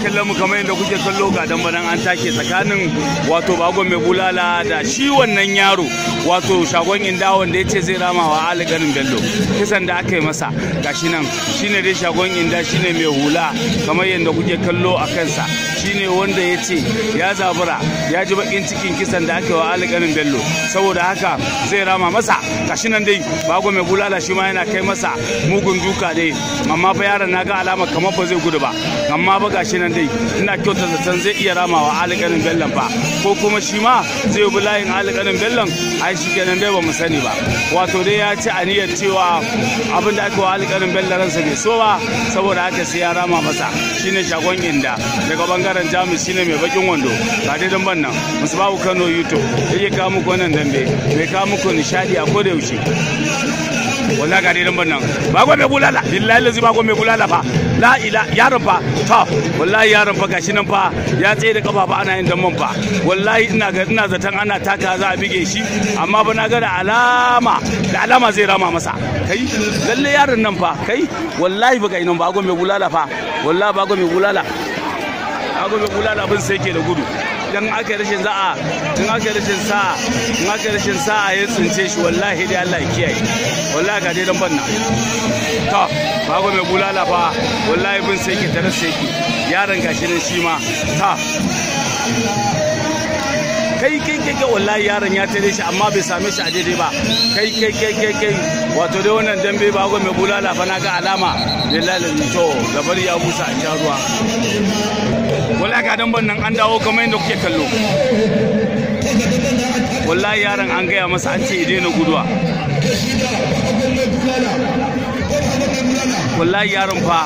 Gracias. mu kamar yadda kuke kallo ga dambanan an take tsakanin wato bagon mai bulala da shi wannan yaro wato shagon inda wanda ya ce zai rama wa ali garin bello kisan da aka yi masa gashi nan shine dai shagon inda shine mai hula kamar yadda kuke kallo a kansa shine wanda ya ce ya zabura ya ji bakin cikin kisan da aka yi wa ali garin bello saboda haka zai rama masa gashi nan dai bagon mai bulala shi ma yana kai masa mugun duka dai amma fa yaron na ga alama kamar ba zai gudu ba amma ba gashi nan dai ina kyauta zaton zai iya rama ramawa alƙarin bellan fa ko kuma shi ma zai bi layin alƙarin bellan ai shi kenan dai ba mu sani ba wato dai ya ci aniyar cewa abin da aka wa alƙarin bellan ransa bai so ba saboda haka sai ya rama masa shine shagon inda daga bangaren jamus shine mai bakin wando ba dai dan ban nan musu babu kano yuto yake kawo muku wannan dambe mai kawo muku nishadi a koda yaushe wallahi ga daidan bannan ba gome bulala billahi lazi ba gome bulala fa la ila yaron fa to wallahi yaron fa gashi nan fa ya tsaye da kafa fa ana yin damman fa wallahi ina ga ina zaton ana taka za a bige shi amma ba na ga da alama da alama zai rama masa kai lalle yaron nan fa kai wallahi ba ga inan ba gome bulala fa wallahi ba gome bulala ba gome bulala abin sai ke da gudu dan aka rashin za'a in aka rashin sa'a in aka rashin sa'a ya tsince shi wallahi dai Allah ya kiyaye wallahi ga dai dan banna to go mai bulala fa wallahi bin sai ke tare sai ke yaron gashi nan shi ma ta kai kai kai kai wallahi yaron ya tare shi amma bai same shi a daidai ba kai kai kai kai kai wato dai wannan dambe ba mai bulala fa na ga alama lillahi to labari ya busa a ruwa ana gadan bannan an dawo kamar yadda kuke kallo wallahi yaron an gaya masa an ce ya daina guduwa wallahi yaron fa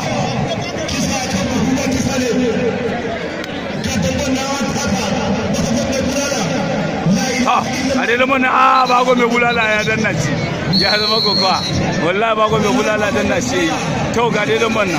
a daidai mana a bago mai bulala ya danna ce ya zama kokowa wallahi bago mai bulala danna ce to ga daidai mana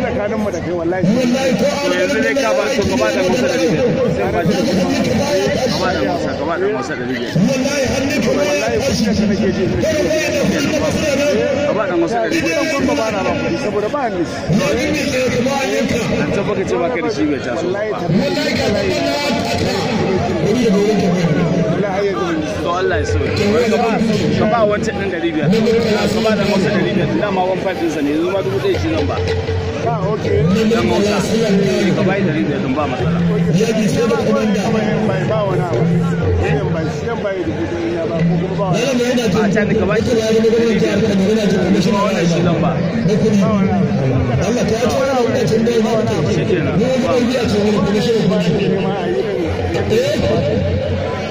tsakaninmu da kai wallahi to yanzu dai ka ba su gaba da musa da rige sai ba shi gaba da musa gaba da musa da rige wallahi shi nake ji gaba da musa da rige dan kun ba na ba kudi saboda ba ni dan tabbaka ce ka da shi bai so wallahi tabbaka wallahi to Allah ya so ka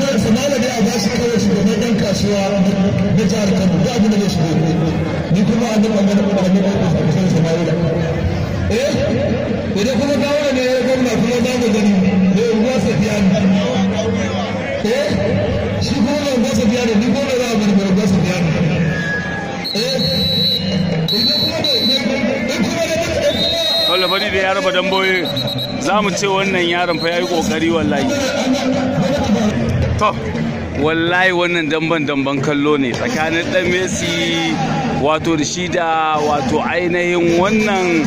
jihar sanana da a basu su da dan kasuwa da jihar kano ba abin da zai shigo ni kuma a nan ɓangaren ɓangaren ɓangaren sanana eh idan kuma gawa ne ya gwamna kuma za mu gani da eh, unguwa safiya ne eh shi kuma da unguwa safiya ne ni kuma da za a bari da unguwa ne eh idan kuma da idan kuma da idan kuma da Wala bari da ya raba damboye. za mu ce wannan yaron fa ya yi ƙoƙari wallahi to wallahi wannan damban damban kallo ne tsakanin ɗan messi wato da shi da wato ainihin wannan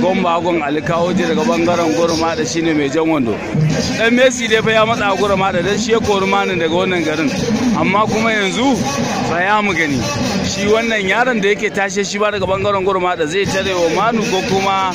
gomba gon alkawoji daga bangaren gurma da shine mai jan wando dan messi dai fa ya matsa gurma da dan shi ya kori manin daga wannan garin amma kuma yanzu ya mu gani shi wannan yaron da yake tashe shi ba daga bangaren gurma da zai tare wa manu ko kuma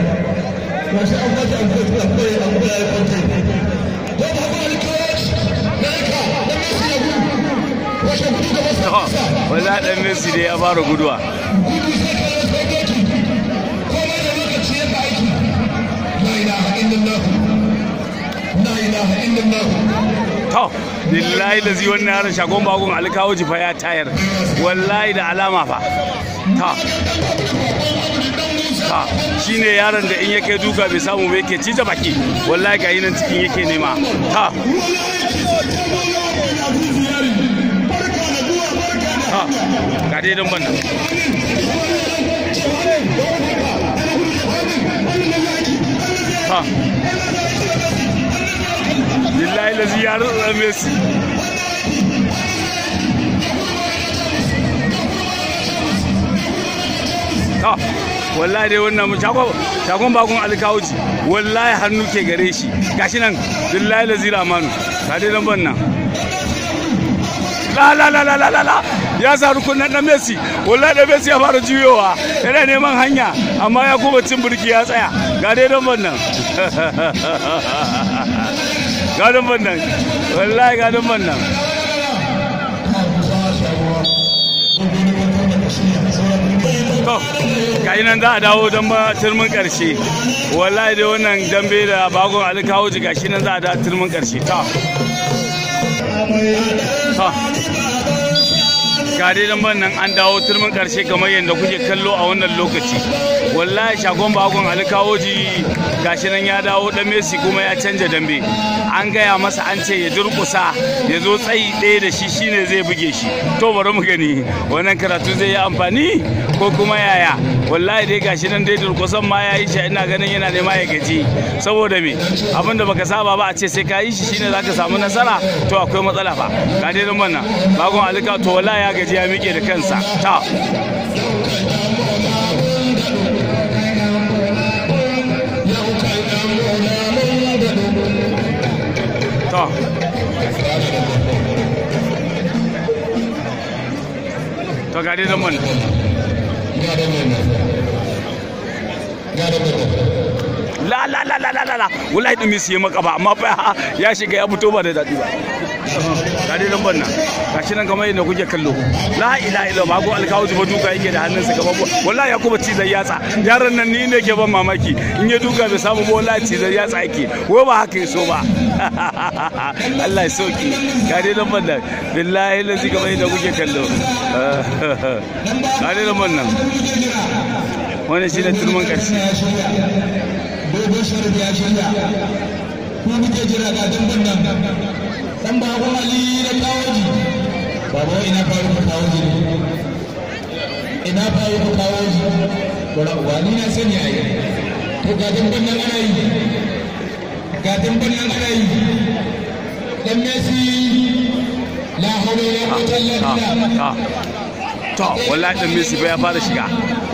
gashi an kwanta an messi ya fara guduwa da to lillahi da zai wannan shagon bagon alkawo jifa ya tayar wallahi da alama fa to duka shine yaron da in ya kai duka bai samu ba yake cije baki wallahi ga nan cikin yake nema ta ga dai don bannan ha lillahi lazi ya rutsa messi wallahi dai wannan shagon shagon bakon alkawuci wallahi hannu ke gare shi gashi nan billahi la zira manu ka dai nan bannan la la la la la la ya sa rukunan dan Messi wallahi da Messi ya fara juyowa yana neman hanya amma ya kuma cin burki ya tsaya ga dai nan bannan ga nan bannan wallahi ga nan bannan to za a dawo don turmin karshe wallahi da wannan dambe da bagon alikawo ga shi nan za a dawo turmin karshe ta share da man nan an dawo turmin karshe kamar yadda kuke kallo a wannan lokaci wallahi shagon bakon alkawoji gashi nan ya dawo dan messi kuma ya canja dambe an gaya masa an ce ya durkusa ya zo tsayi ɗaya da shi shine zai buge shi to bari mu gani wannan karatu zai yi amfani ko kuma yaya wallahi dai gashi nan dai durkusan ma ya yi shi ina ganin yana nema ya gaji saboda me abin da baka saba ba a ce sai ka yi shi shine zaka samu nasara to akwai matsala fa ga dai nan wannan bagon alika to wallahi ya gaji ya mike da kansa ta to ga dai nan wannan la la la la la wallahi dumi maka ba amma fa ya shiga ya fito ba da daɗi ba ga dai lambar nan gashi nan kamar yadda kuke kallo la ilaha illallah ba ko alkawo zuba duka yake da hannunsa gaba wallahi ci zai yatsa yaran nan ni ne ke ban mamaki in ya duka bai samu ba wallahi zai yatsa yake ko ba haka so ba Allah ya soki ga dai lambar nan billahi lazi kamar yadda kuke kallo ga dai lambar wani shi shine turman karshe dogon shirin ya shirya ko muke jira ga dambun nan dan baba ali na ina ina na sani ai to ga dan bannan ana yi ga dan bannan ana yi dan messi la hawla wala quwwata illa billah to wallahi dan messi ya fara shiga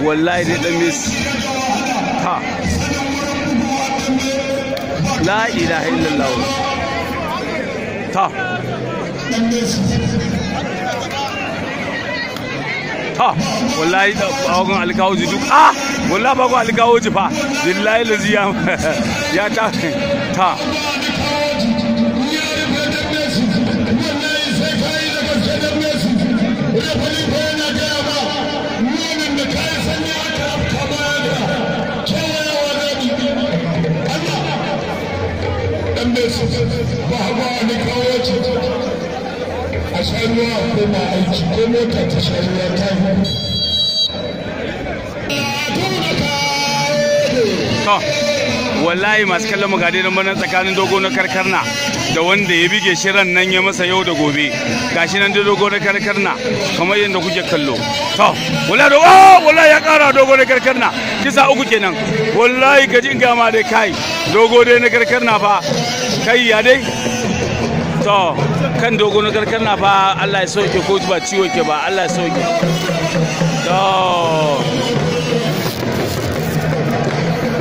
wallahi dai dan messi ta la ilaha illallah ta ha wallahi da bagon alkawoji duk ah wallahi bagon alkawoji fa billahi lazi ya ta ta hawa kawo a a ko mota ta ta wallahi masu kallon magadi don banan tsakanin dogo na karkarna da wanda ya bige shirin nan ya masa yau da gobe gashi nan da dogo na karkarna kamar yadda kuke kallo to wallahi dogo wallahi ya kara dogo na karkarna kisa uku kenan wallahi gaji in gama dai kai dogo dai na karkarna fa kai ya dai to kan dogon garkar na ba Allah ya sauke ko ba ciwo ke ba Allah ya sauke to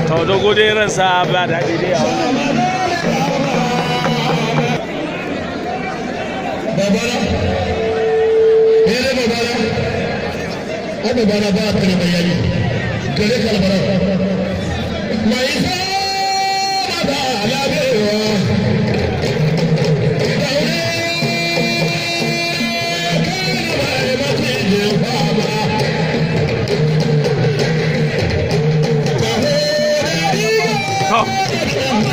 to dogo dai sa ba da dai a wannan ba a kalmar yayi gare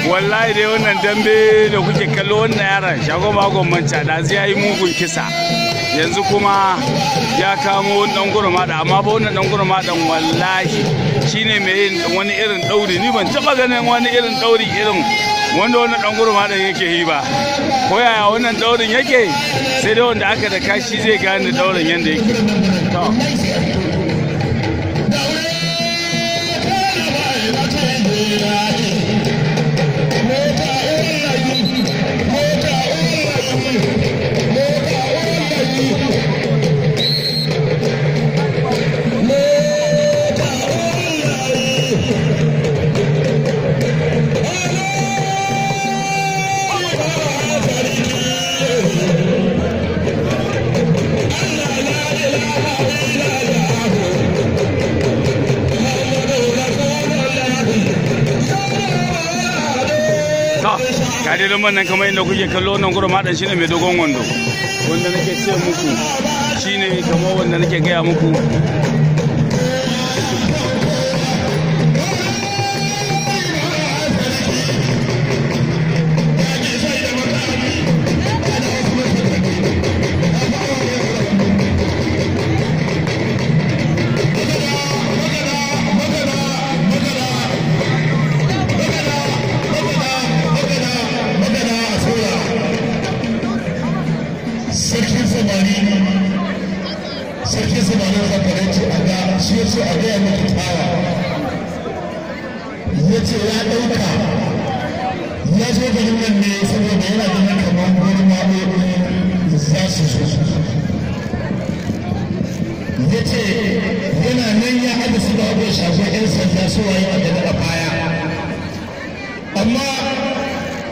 wallahi dai wannan dambe da kuke kallo wannan yaran, shago magon manca da zai yi mugun kisa yanzu kuma ya kamo gurma da, amma ba wannan dan dan wallahi shine mai yin wani irin dauri ni ban taba ganin wani irin dauri irin wanda wannan dan da yake yi ba ko yaya wannan daurin yake sai dai wanda aka da kashi zai gane daurin yanda yake to Mutumin nan kamar inda kuke kallo wannan gurin maɗan shine mai dogon wando. Wanda nake ce muku shine kamar wanda nake gaya muku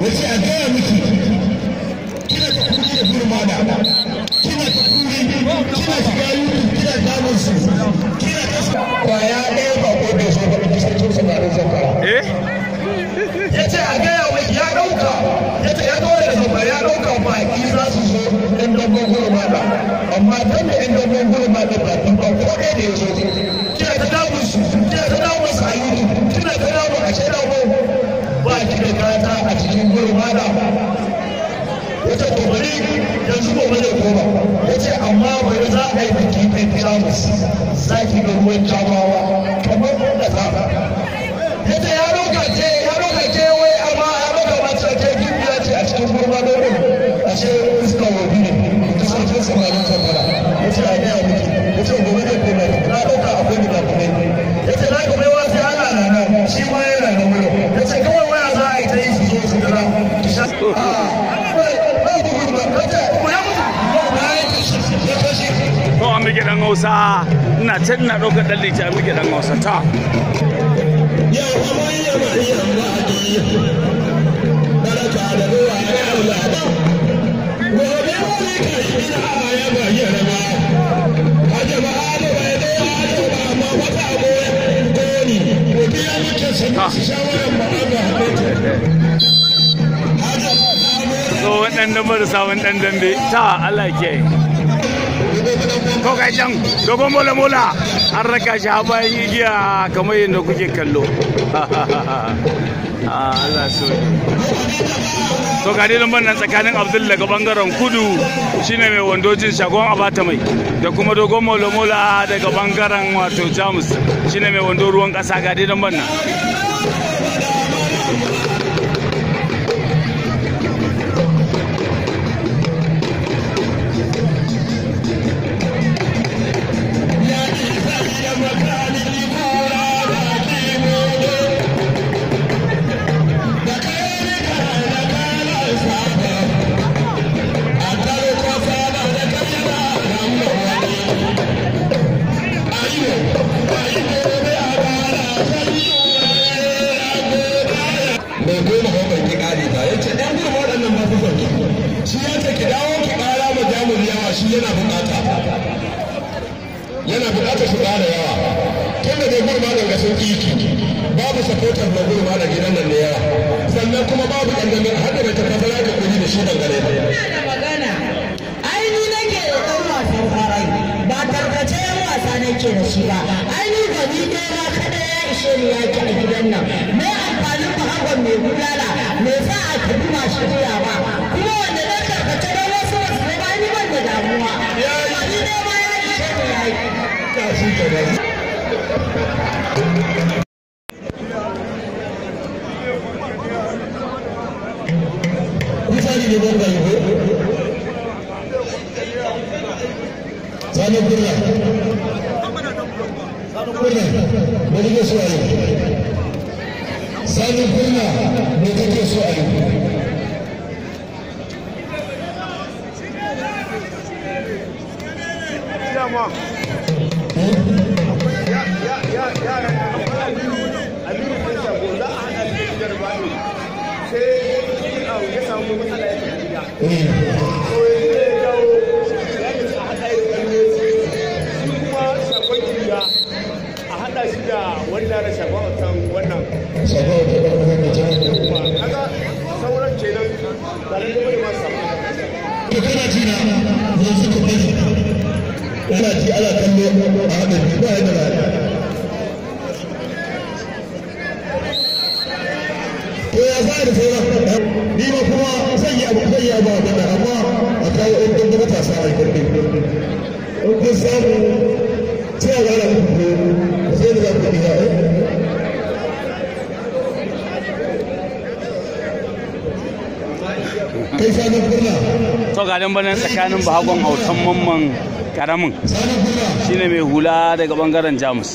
na ce a gaya miki kina ta kuri da gurmada kina ta kuri kina shiga kina damun su kina ta su kwaya ɗaya ba ko da so ba kusa tun samarin zamfara eh? ya ce a gaya miki ya ɗauka ya ce ya ɗaure da zamfara ya ɗauka ba za su zo ɗan dabbar amma don da ɗan dabbar gurmada ba ta ba ko da ya gudun da ya ce to bari yanzu gobe zai koma ya ce amma bari za a yi biki ɗin jamus zaki ga ruwan jamawa kamar da za ya ce ya roka ce ya roka ce wai amma ya roka mace ce kibiya ce a cikin gurbanin ashe iska wani to an muke dan hausa ina can ina ɗaukar ɗan lita an muke dan hausa ta Ha. so waɗanda marasa da sabon ta Allah ke ko kai can dogon mola mola an raka shi a bayan igiya kamar yadda kuke kallo ah, Allah so to ga dai nan tsakanin Abdul ga bangaren kudu shine mai wandojin shagon abata mai da kuma dogon mola mola daga bangaren wato Jamus shine mai wando ruwan kasa ga dai nan bai goma ba bai ki kare ta ya ce ɗan gudun waɗannan ba kuka ki shi ya ce ki dawo ki ƙara ma jamus yawa shi yana buƙata yana buƙatar su ƙara yawa tun da mai gurma daga sun ƙiki babu sapotar na gurma da gidan nan da yawa sannan kuma babu ɗan gamin har da bai tabbatar da ƙuri da shi dangane ba yake da shi ba ainihin gari ɗaya na kaɗai ya ishe ni a gidan nan me amfanin mai gudana me a tafi ba shirya ba kuma wanda na karkace don wasu wasu ne ba ni ban da damuwa ya ishe ni da kurna me kake so a yi sani kurna yi kana ji na zan suka bai ana ji ana kallo a haɗin ba ya da rana ko ya za da sauran ni ma kuma zan yi abu zan yi abu a amma a kawo ɗan ɗan matasa a yi so garin banan tsakanin bahagon hautan mamman karamin shine mai hula daga bangaren jamus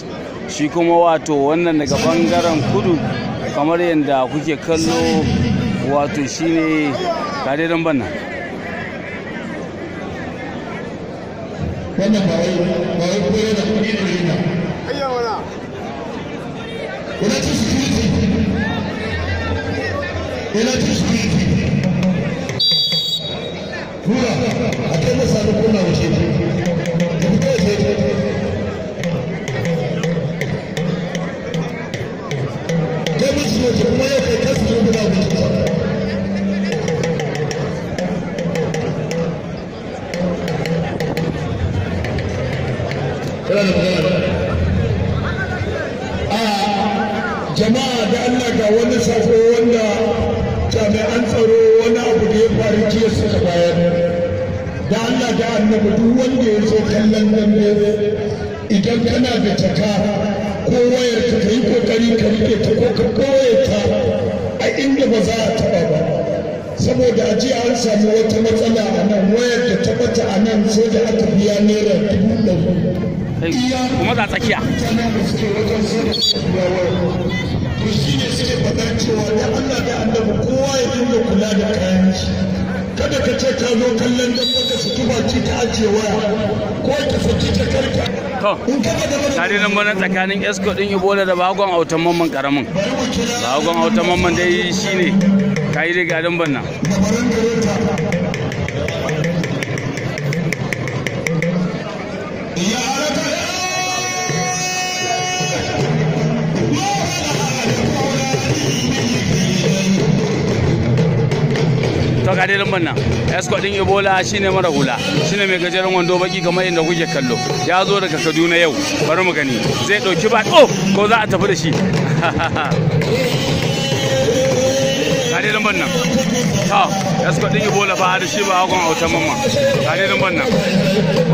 shi kuma wato wannan daga bangaren kudu kamar yadda kuke kallo wato shine gariran banan Yeah. kana da jaka ko wayar ka kai kokari ka rike ta ko ka koye ta a inda ba za a taba ba saboda a jiya an samu wata matsala a nan wayar da ta bata a nan sai da aka biya naira dubu ɗari kuma za a tsakiya to shi ne suke faɗa cewa da da annabi kowa ya dinga kula da kayan shi kada ka ce ka zo kallon dabba baka su tuba ta ajiye waya ko ka saki ta karka to tarihin bana tsakanin esco din ibola da bagon autan mamman karamin bagon autan mamman dai shine kayi riga din to ga dai lamban nan escort din ebola shine mara hula shine mai gajeren wando baki kamar inda kuke kallo ya zo daga kaduna yau bari mu gani zai dauki ba oh ko za a tafi da shi ga dai lambar nan to escort din ebola ba da shi ba hagon autan mamma ga dai lambar nan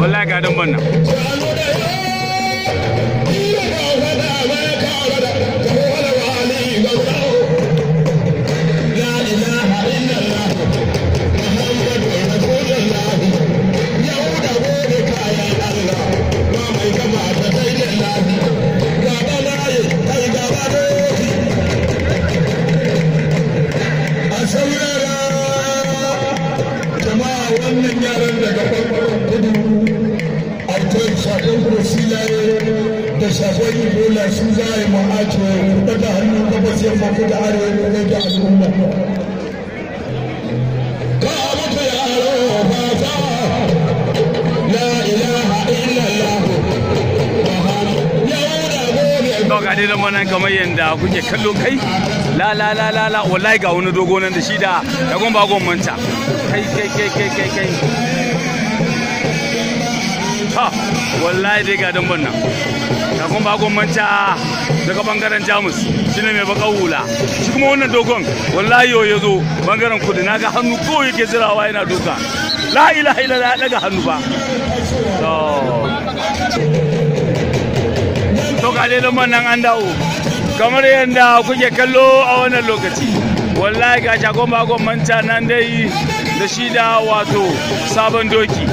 wallahi ga lambar nan da shafon ebola su za a yi ma'ace kuɗa da hannun gabas yamma da arewa kuɗa da al'umma ga dai zama nan kamar yadda kuke kallo kai la la la la la wallahi ga wani dogo nan da shi da dagon bagon manta kai kai kai kai kai kai ha wallahi dai ga dan nan da kuma bakon manca daga bangaren jamus shi ne mai baka hula shi kuma wannan dogon wallahi yau ya zo bangaren kudu na ga hannu ko yake zirawa yana doka la ilaha illa ya daga hannu ba to ga dai lamar nan an dawo kamar yadda kuke kallo a wannan lokaci wallahi ga jagon bakon manca nan dai da shi da wato sabon doki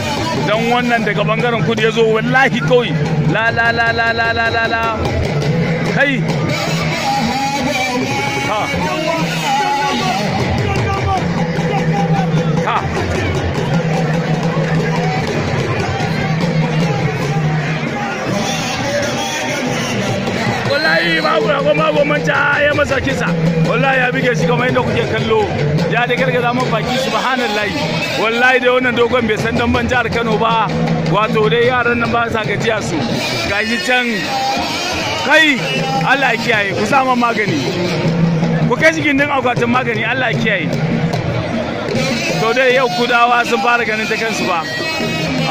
don wannan daga bangaren kudu ya zo wallahi kawai la la la la la la la la Hey. ha wallahi babu rago babu manta ya masa kisa wallahi ya bige shi kamar yadda kuke kallo ya da gargaza man baki subhanallahi wallahi da wannan dogon bai san dan ban jihar Kano ba wato dai yaran nan ba sa gajiya su gashi can kai Allah ya kiyaye ku sama magani ku kai shi gindin akwatin magani Allah ya kiyaye to dai yau kudawa sun fara ganin ta kansu ba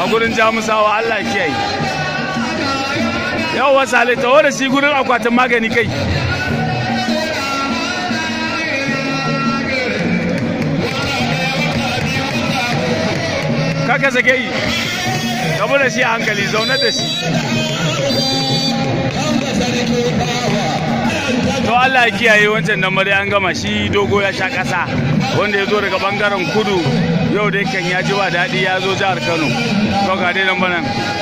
a gurin jamusawa Allah ya kiyaye yawa sale ta shi gurin akwatin magani kai kaka sake yi Kamar da shi a hankali zaune da shi to Allah ya kiyaye wancan nan an gama shi dogo ya sha kasa wanda ya zo daga bangaren kudu yau da kan ya ji ba daɗi ya zo jihar Kano to ga dai nan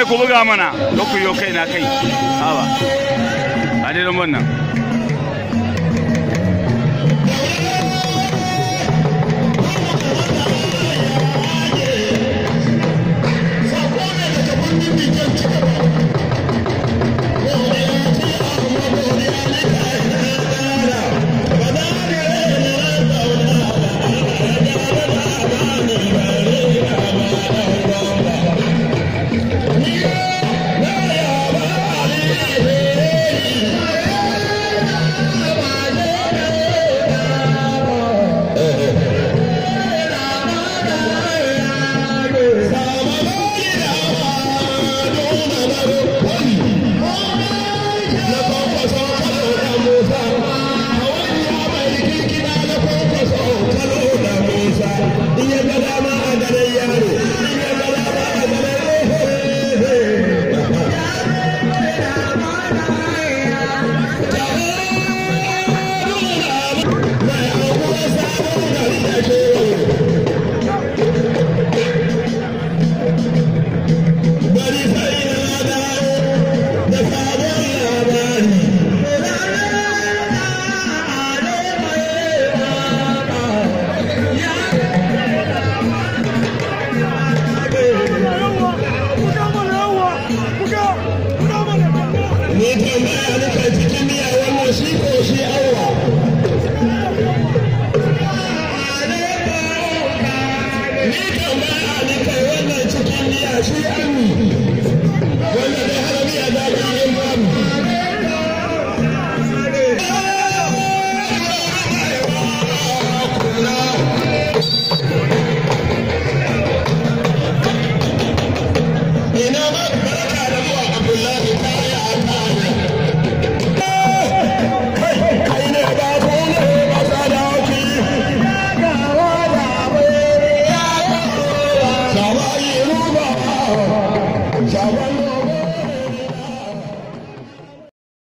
kai ku buga mana ku yo kai na kai haba a daidan wannan Me ke ma a cikin miya wannan shi ko shi Allah.